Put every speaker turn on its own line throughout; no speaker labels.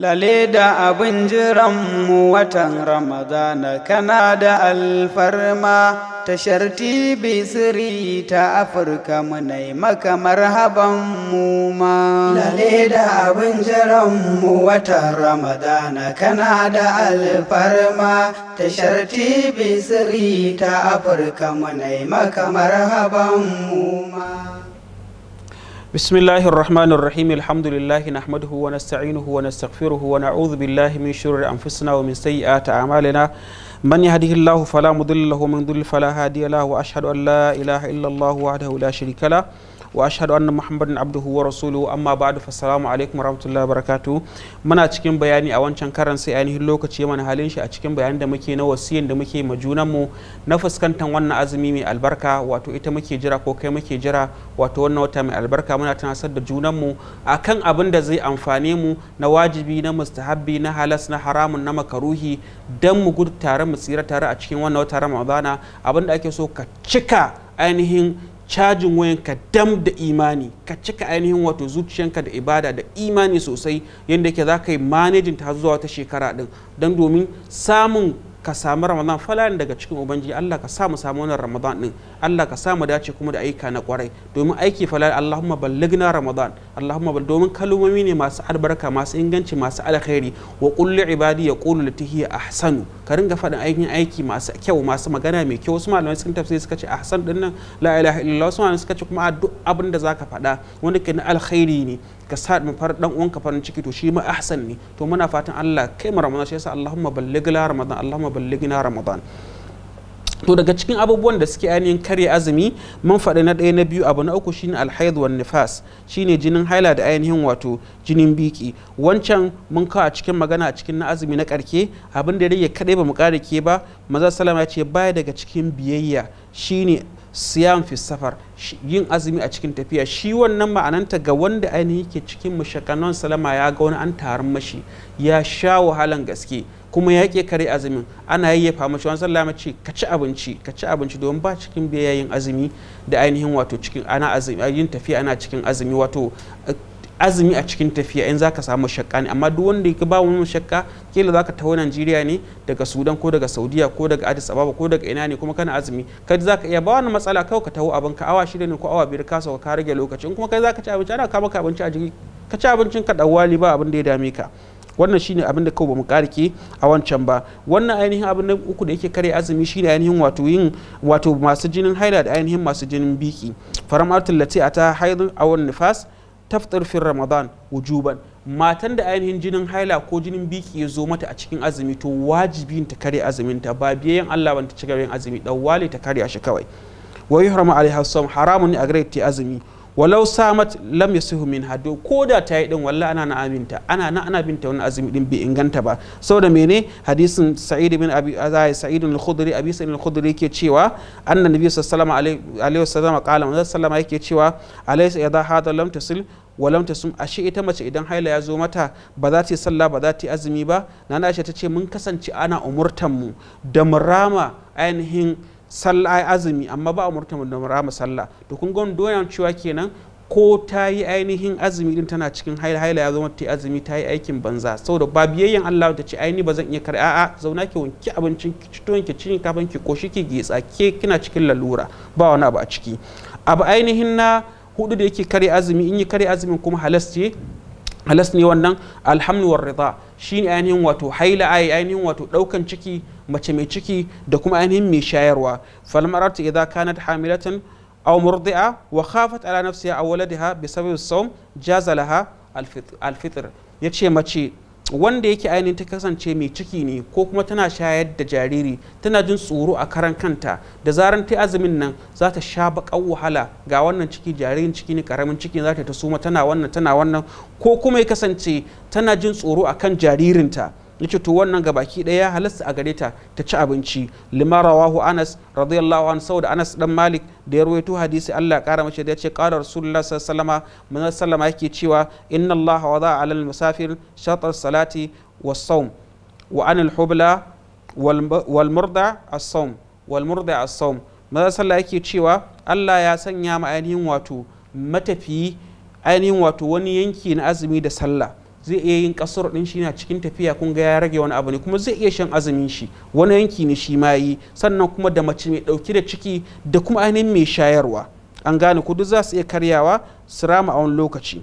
Lale da abin mu watan Ramadana kana da alfarma tashar sharti siri ta Afirka munai maka marhaban mu ma. Lale da abin mu watan Ramadana kana da alfarma tashar sharti siri ta Afirka munai maka marhaban mu ma. بسم الله الرحمن الرحيم الحمد لله نحمده ونستعينه ونستغفره ونعوذ بالله من شرور انفسنا ومن سيئات اعمالنا من يهده الله فلا مضل له ومن يضلل فلا هادي له واشهد ان لا اله الا الله وحده لا شريك له wa ashhadu anna muhammadin abduhu wa rasuluhu amma ba'du fassalamu alaikum warahmatullahi barakatu muna cikin bayani a wancan karan ainihin lokaci mana halin shi a cikin bayanin da muke na wasiyan da muke ma junanmu na fuskantar wannan azumi mai albarka wato ita muke jira ko kai muke jira wato wannan wata mai albarka muna tunasar da junanmu akan abin da zai amfane mu na wajibi na mustahabbi na halas na haramun na makaruhi dan mu gudu tare mu tsira tare a cikin wannan wata ramadana abin da ake so ka cika ainihin cajin wayan ka dam da imani ka cika ainihin wato zuciyanka da ibada da imani sosai yadda ke za ka yi manajin ta zuwa wata shekara din don domin samun ka samu ramadan falalan daga cikin ubangiji Allah ka samu samu wannan ramadan din Allah ka samu dace kuma da ayyuka na kwarai domin aiki falal Allahumma balligna ramadan Allahumma bal domin kalmomi ne masu albarka masu inganci masu alkhairi wa qul li ibadi yaqulu lati hiya ahsanu ka ringa faɗin aikin aiki masu kyau masu magana mai kyau wasu malamai sun tafsiri suka ce ahsan din la ilaha illallah wasu malamai suka ce kuma duk abin da zaka faɗa wanda ke na alkhairi ne ka sa mu far dan uwanka farin ciki to shi ma ahsan ne to muna fatan Allah kai mu Ramadan shi yasa Allahumma ballighna Ramadan Allahumma ballighna Ramadan to daga cikin abubuwan da suke ainihin karya azumi man faɗi na ɗaya na biyu abu na uku shine alhaid wan nifas shine jinin haila da ainihin wato jinin biki wancan mun kawo a cikin magana a cikin na azumi na ƙarke abin da ya rage kaɗai ba mu ƙara ke ba maza salama ya ce baya daga cikin biyayya shine siyam fi safar yin azumi a cikin tafiya shi wannan ma'ananta ga wanda ainihi ke cikin mashakanon salama ya ga wani an tarin mashi ya sha wahalan gaske kuma ya ke kare azumin ana yayyafa mashi wani sallama ce ka ci abinci ka ci abinci don ba cikin biyayyen azumi da ainihin wato cikin ana azumi yin tafiya ana cikin azumi wato azumi a cikin tafiya in zaka samu shakka ne amma duk wanda ba mu shakka kila zaka taho Najeriya ne daga Sudan ko daga Saudiya ko daga Addis Ababa ko daga ina ne kuma kana azumi kai zaka iya ba wani matsala kawai ka taho abin ka awa shida ne ko awa biyar ka sauka ka rage lokacin kuma kai zaka ci abinci ana ka maka abinci a jiki ka ci abincin ka wali ba abin da ya dame ka wannan shine abin da kawai bamu karike a wancan ba wannan ainihin abin na uku da yake kare azumi shine ainihin wato yin wato masu jinin haila da ainihin masu jinin biki faramatul lati ata haidun awan nifas taftar fin ramadan wujuban matan da ainihin jinin haila ko jinin biki ya zo mata a cikin azumi to wajibi ta kare azumin ta ba biyayyen Allah ban ta ci yin azumi dan wale ta kare shi kawai wa yuhramu alaiha haramun ne a gare ta azumi walau samat lam yasihu min hado ko da ta yi din wallahi ana na aminta ana na ana binta wani azumi din bai inganta ba saboda mene hadisin sa'id bin abi azai sa'id al-khudri abi sa'id al-khudri yake cewa anna nabi sallallahu alaihi wasallam qala manzo sallama yake cewa alaysa idha hada lam tasil walam ta ashe ita mace idan haila ya zo mata ba za ta yi sallah ba za ta yi azumi ba nana aisha ta ce mun kasance ana umurtan mu da murama ainihin sallah ai azumi amma ba a murta da rama sallah to kun ga doyan cewa kenan ko ta yi ainihin azumi din tana cikin haila ya zama ta azumi ta yi aikin banza saboda ba biyayyen Allah ta ce aini ba zan iya kare a'a zauna ki wanki abincin ki ci tuwon ki cin kafin ki koshi ki gitsa ke kina cikin lalura ba wani abu a ciki abu ainihin na hudu da yake kare azumi in yi kare azumin kuma halas ce halas ne wannan alhamdu war rida shine ainihin wato haila ainihin wato daukan ciki mace mai ciki da kuma ainihin mai shayarwa falmaratu idza kanat hamilatan aw murdi'a wa khafat ala nafsiha aw waladiha bi sababi sawm jaza laha alfitr yace mace wanda yake ainihin ta kasance mai ciki ne ko kuma tana shayar da jariri tana jin tsoro a karan kanta da zaran ta azumin nan za ta sha bakan wahala ga wannan ciki jaririn ciki ne karamin ciki za ta suma tana wannan tana wannan ko kuma ya kasance tana jin tsoro a kan jaririnta yace to wannan gabaki ɗaya ya halasta a gare ta ta ci abinci lima rawahu anas radiyallahu anhu saboda anas dan malik da ya rawaito hadisi Allah ya kara mace da yace qala rasulullah sallallahu alaihi wasallam sallama yake cewa inna allaha wada'a alal musafir shatar salati was sawm wa anil hubla wal murda as-sawm wal murda as-sawm maza sallah yake cewa Allah ya sanya ma ainihin wato matafi ainihin wato wani yanki na azumi da sallah zai iya yin kasar din shi na cikin tafiya kun ga ya rage wani abu ne kuma zai iya shan azumin shi wani yanki ne shi ma yi sannan kuma da mace mai dauke da ciki da kuma ainihin mai shayarwa an gane ku duk za su iya karyawa su rama a wani lokaci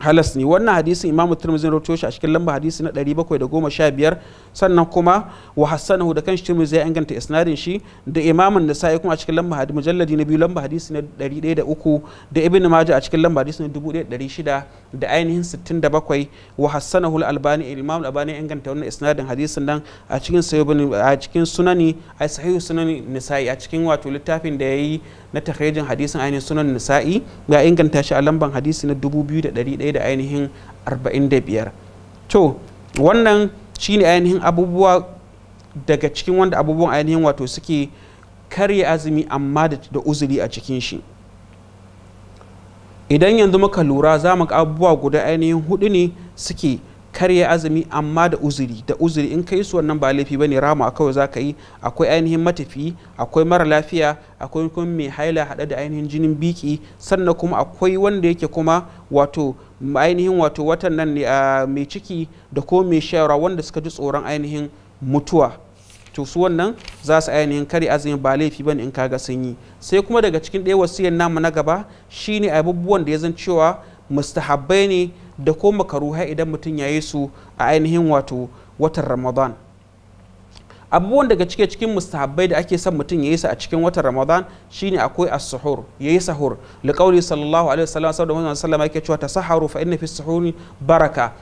halas ne wannan hadisin imamu tirmidhi ya rawaito shi a cikin lamba hadisi na 715 sannan kuma wa hassanahu da kanshi tirmidhi ya inganta isnadin shi da imamun sa'i kuma a cikin lamba hadisi mujalladi na biyu lamba hadisi na 103 da ibn majah a cikin lamba hadisi na 1600 da ainihin 67 wa hassanahu al-albani imamu al-albani ya inganta wannan isnadin hadisin nan a cikin a cikin sunani a sahihu sunani nisa'i a cikin wato littafin da yayi na takhrijin hadisin ainihin sunan nisa'i ya inganta shi a lamban hadisi na 2100 da ainihin arba'in to wannan shine ainihin abubuwa daga cikin wanda abubuwan ainihin wato suke karya azumi amma da uzuri a cikin shi idan yanzu muka lura za mu abubuwa guda ainihin hudu ne suke karya azumi amma da uzuri da uzuri in ka yi su wannan ba laifi bane rama kawai za ka yi akwai ainihin matafi akwai mara lafiya akwai kuma mai haila haɗe da ainihin jinin biki sannan kuma akwai wanda yake kuma wato ainihin wato watan nan ne ah, mai ciki da ko mai shayarwa wanda suka ji tsoron ainihin mutuwa to su wannan za su ainihin kare azumi ba laifi bane in ka sun yi sai kuma daga cikin ɗaya wasiyar namu na gaba shine abubuwan da ya zan cewa mustahabbai ne da ko makaruha idan mutum ya yi su a ainihin wato watan ramadan abubuwan daga cike cikin mustahabbai da ake son mutum ya yi su a cikin watan ramadan shine akwai as-suhur ya yi sahur liƙauri sallallahu alaihi wasallam sallallahu alaihi sallama yake cewa tasaharu fa inna fi as baraka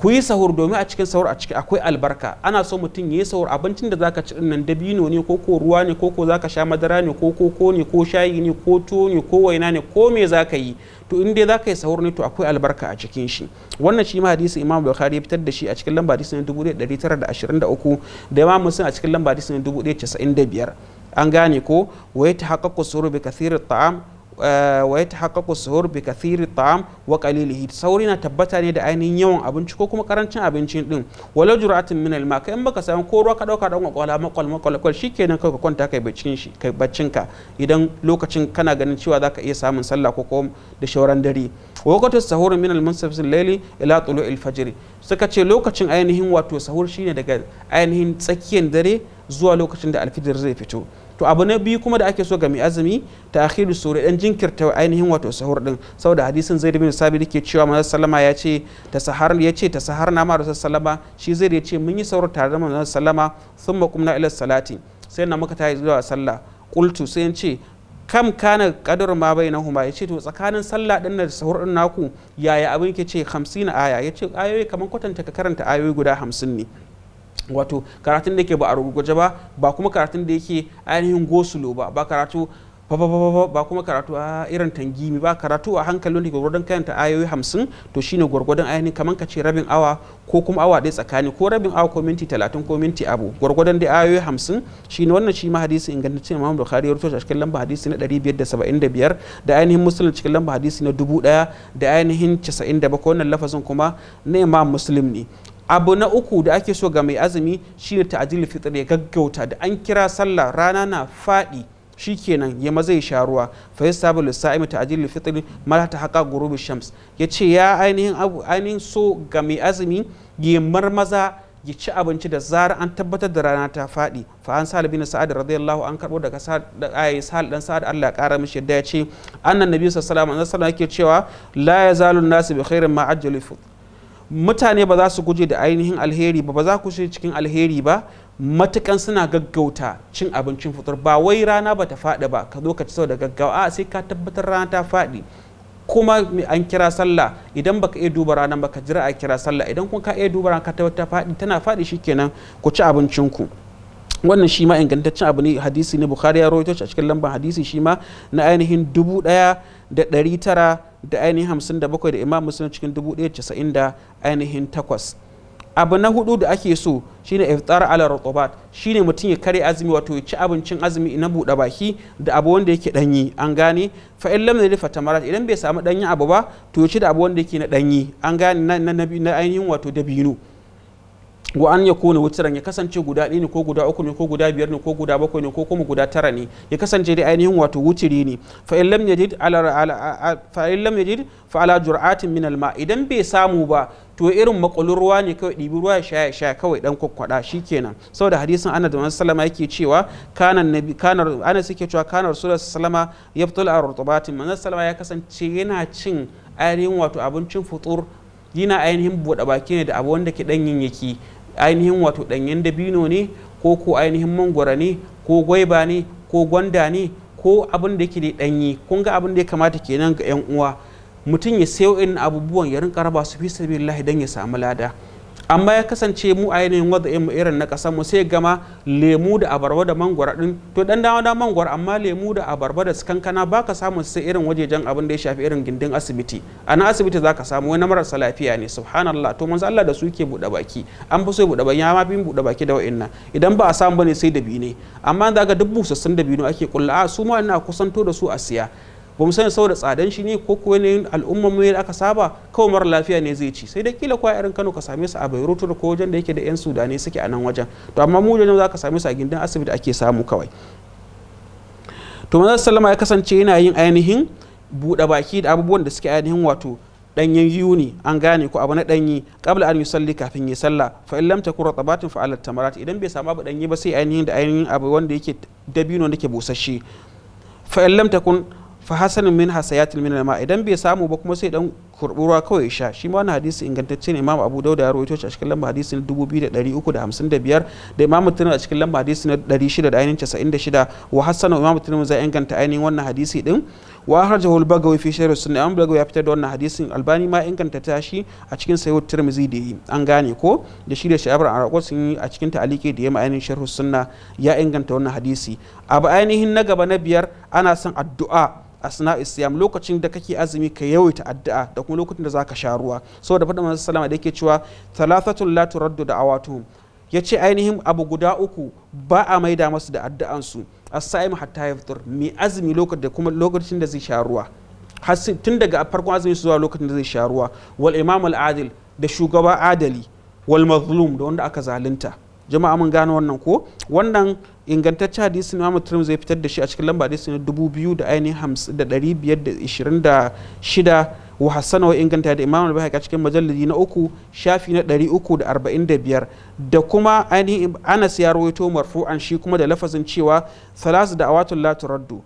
ku yi sahur domin a cikin sahur a ciki akwai albarka ana so mutum ya yi sahur abincin da zaka ci nan dabino ne ko ko ruwa ne ko ko zaka sha madara ne ko koko ne ko shayi ne ko tuwo ne ko waina ne ko me zaka yi to in dai zaka yi sahur ne to akwai albarka a cikin shi wannan shi ma hadisi imam bukhari ya fitar da shi a cikin lamba hadisi ne 1923 da imam muslim a cikin lamba hadisi ne 1095 an gane ko wa ta haqqaqu suru bi kathirat ta'am Eh, wa ya tahaqqaqu suhur bi kathiri ta'am wa qalilihi sauri na tabbata ne da ainihin yawan abinci ko kuma karancin abincin din wala jur'atin min al kai baka ko ruwa ka dauka dan kwakwala makwal makwal kwal shikenan ka kwanta kai baccin shi kai baccin ka idan lokacin kana ganin cewa zaka iya samun sallah ko kuma da shauran dare waqtu sahur min al-munsafis al-layli ila tulu'il fajr suka ce lokacin ainihin wato sahur shine daga ainihin tsakiyar dare zuwa lokacin da alfidar zai fito to abu na biyu kuma da ake so ga mai azumi ta akhiru sura dan jinkirta ainihin wato sahur din saboda hadisin zaid bin sabit ke cewa manzo sallama ya ce ta sahar ya ce ta sahar na sallama shi zai ya ce mun yi sahur tare da manzo sallama thumma qumna ila salati sai na muka tayi zuwa sallah qultu sai in ce kam kana kadar ma bai huma ya ce to tsakanin sallah din da sahur din naku yaya abin ke ce 50 aya yace ayoyi kaman kwatanta ka karanta ayoyi guda 50 ne wato karatun da yake ba a rugugwaje ba ba kuma karatun da yake ainihin gosulo ba ba karatu ba kuma karatu a irin tangimi ba karatu a hankali wanda ke gwargwadon kayanta ayoyi hamsin to shine gwargwadon ainihin kamar ka ce rabin awa ko kuma awa dai tsakani ko rabin awa ko minti talatin ko minti abu gwargwadon da ayoyi hamsin shine wannan shi ma hadisi ingantaccen imam bukhari ya rubuta cikin lamba hadisi na ɗari biyar da saba'in da biyar da ainihin musulun cikin lamba hadisi na dubu ɗaya da ainihin casa'in da bakwai wannan lafazin kuma na imam musulun ne abu na uku da ake so ga mai azumi shine ta'jil fitr ya gaggauta da an kira sallah rana na faɗi kenan ya maza ya sha ruwa fa yasabu lisa'imi ta'jil fitr mala ta haka gurubi shams yace ya ainihin so ga mai azumi ya marmaza ya ci abinci da zara an tabbatar da rana ta faɗi fa an sa bin sa'ad radiyallahu an karbo daga ayi sa'ad dan sa'ad Allah ya kara mishi yadda ya ce annan nabi sallallahu alaihi wasallam yake cewa la yazalu nasu bi khairin ma mutane ba za su guje da ainihin alheri ba ba za ku shiga cikin alheri ba matukan suna gaggauta cin abincin fitar ba wai rana ba ta faɗi ba ka zo ka ci sau gaggawa a sai ka tabbatar rana ta faɗi kuma an kira sallah idan baka iya duba ranar baka jira a kira sallah idan kun ka iya duba ranar ka ta faɗi tana faɗi shikenan ku ci abincin ku. wannan shi ma ingantaccen abu ne hadisi ne bukhari ya rawaito a cikin lambar hadisi shi ma na ainihin dubu ɗaya da ɗari tara da ainihin hamsin da bakwai da imam muslim cikin dubu da ainihin takwas abu na hudu da ake so shine iftar ala shi ne mutum ya kare azumi wato ya ci abincin azumi na buɗe baki da abu wanda yake danyi an gane fa in lam yadfa tamarat idan bai samu danyi abu ba to ya ci da abu wanda yake na danyi an gane na na ainihin wato dabino wa an ya kone wutiran ya kasance guda ɗaya ne ko guda uku ne ko guda biyar ne ko guda bakwai ne ko kuma guda tara ne ya kasance dai ainihin wato wutiri ne fa in lam yajid ala fa in lam yajid fa ala jur'atin min alma idan bai samu ba to irin makulun ruwa ne kawai ɗibi ruwa ya sha ya sha kawai dan kwakwada shikenan saboda hadisin Anas da sallama yake cewa kana nabi kana ana yake cewa kana rasulullahi wasallam yaftul ar-rutubatin sallama ya kasance yana cin ainihin wato abincin futur yana ainihin buɗe baki ne da abu wanda ke ɗan yake ainihin wato ɗanyen dabino ne ko ko ainihin mangwara ne ko gwaiba ne ko gwanda ne ko abin da yake da ɗanyi kun ga abin da ya kamata kenan ga 'yan uwa mutum ya sayo in abubuwan ya rinka raba su fi lahi don ya samu lada amma ya kasance mu a yanayin wadda irin na kasa mu sai gama lemu da abarba da mangwara din to dan dawo da mangwara amma lemu da abarba da kankana baka samu sai irin wajejen abin da ya shafi irin gindin asibiti a na asibiti zaka samu wani marasa lafiya ne subhanallah to manzo Allah da su ke buɗe baki an fi so buɗe baki ya ma fi buɗe baki da wa'annan idan ba a samu bane sai da bi ne amma zaka duk busassun da ake kula a su ma ina kusanto da su a siya ba mu sani saboda tsadan shi ne ko kuwa ne al'umman mu da aka saba kawai mara lafiya ne zai ci sai dai kila kwa irin Kano ka same su a Beirut ko wajen da yake da yan Sudani suke a nan wajen to amma mu wajen za ka same su a gindin asibiti ake samu kawai to manzo sallama ya kasance yana yin ainihin buɗe baki da abubuwan da suke ainihin wato danyen yuni an gane ko abu na danyi kabla an salli kafin ya sallah fa in lam takun ratabatin fa alat tamarat idan bai samu abu danyi ba sai ainihin da ainihin abu wanda yake dabino da ke busasshe fa in lam takun fa hasanun min hasayatil min ma idan bai samu ba kuma sai dan kurɓi ruwa kawai sha shi ma wani hadisi ingantacce ne imam abu dauda ya rawaito shi a cikin lamba hadisi na 2355 da imam tirmidhi a cikin lamba hadisi na 696 wa hassana imam tirmidhi zai inganta ainihin wannan hadisi din wa harjahul bagawi fi sharh sunna imam bagawi ya fitar da wannan hadisin albani ma inganta ta shi a cikin sahih tirmidhi da yi an gane ko da shi da sha'abar arako sun yi a cikin ta'aliki da ya ma ainihin sharh sunna ya inganta wannan hadisi abu ainihin na gaba na biyar ana son addu'a a sana'a lokacin da kake azumi ka yawaita addu'a da kuma lokacin da zaka sha ruwa saboda faɗin manzo sallama da yake cewa thalathatul la turaddu ya ce ainihin abu guda uku ba a maida masu da addu'an su as-sa'im hatta yaftur mi azmi lokacin da kuma lokacin da zai sha ruwa tun daga farkon azumi zuwa lokacin da zai sha ruwa wal imam al adil da shugaba adali wal mazlum da wanda aka zalunta jama'a mun gano wannan ko wannan ingantaccen hadisi na Imam turim zai fitar da shi a cikin lamba da dubu biyu da ainihin shida. wa hassana wa inganta da imam al-bahaqi a cikin majalladi na uku shafi na 345 da kuma ainihin anas ya rawaito an shi kuma da lafazin cewa salasu da awatul la turaddu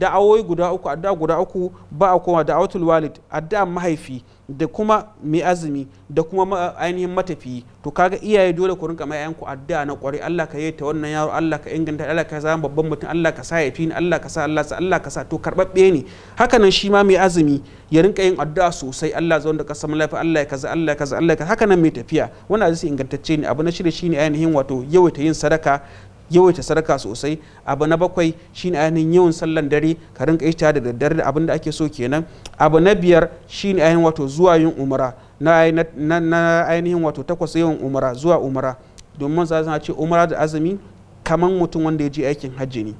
da'awoyi guda uku addu'a guda uku ba a koma da'awatul walid addu'a mahaifi da kuma mai azumi da kuma ainihin matafiyi to kaga iyaye dole ku rinka mai ku addu'a na kwarai Allah ka yi ta wannan yaro Allah ka inganta Allah ka zama babban mutum Allah ka sa ya fi Allah ka sa Allah sa Allah ka sa to karbabbe ne hakanan shi ma mai azumi ya rinka yin addu'a sosai Allah zaun da ka samu lafiya Allah ya kaza Allah ya kaza Allah ya kaza hakanan mai tafiya wannan zai ingantacce ne abu na shirye shine ainihin wato yawaita yin sadaka yawaita sadaka sosai abu na bakwai shine ainihin yawan sallan dare ka rinka yi da daddare da abin da ake so kenan abu na biyar shine ainihin wato zuwa yin umara na ainihin wato takwas yawan umara zuwa umara domin za a ce umara da azumi kaman mutum wanda ya je aikin hajji ne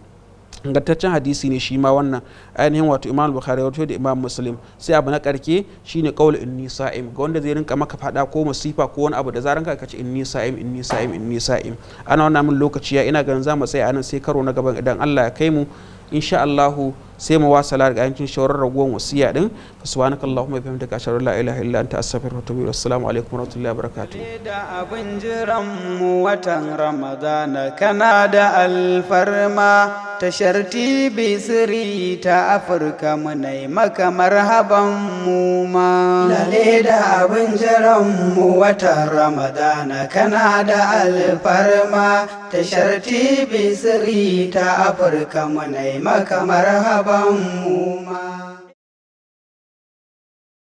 ingantaccen hadisi ne shi ma wannan ainihin wato imam bukhari wato da imam muslim sai abu na karke shine qaul inni sa'im ga wanda zai rinka maka fada ko masifa ko wani abu da zaran ka kace inni sa'im inni sa'im inni sa'im ana wannan min lokaci ya ina ganin za mu tsaya anan sai karo na gaban idan Allah ya kai mu insha Allah sai mu wasala ga ayyukan shawarar ragowar wasiya din subhanaka allahumma bihamdika ashhadu an la ilaha illa anta astaghfiruka wa atubu ilaik assalamu alaikum wa rahmatullahi wa barakatuh da abin jiran mu watan ramadana kana da alfarma tashar TV siri ta Afirka munai maka marhaban mu ma. Lale da abin jiran mu watan Ramadana kana da alfarma tashar TV siri ta Afirka munai maka marhaban mu ma.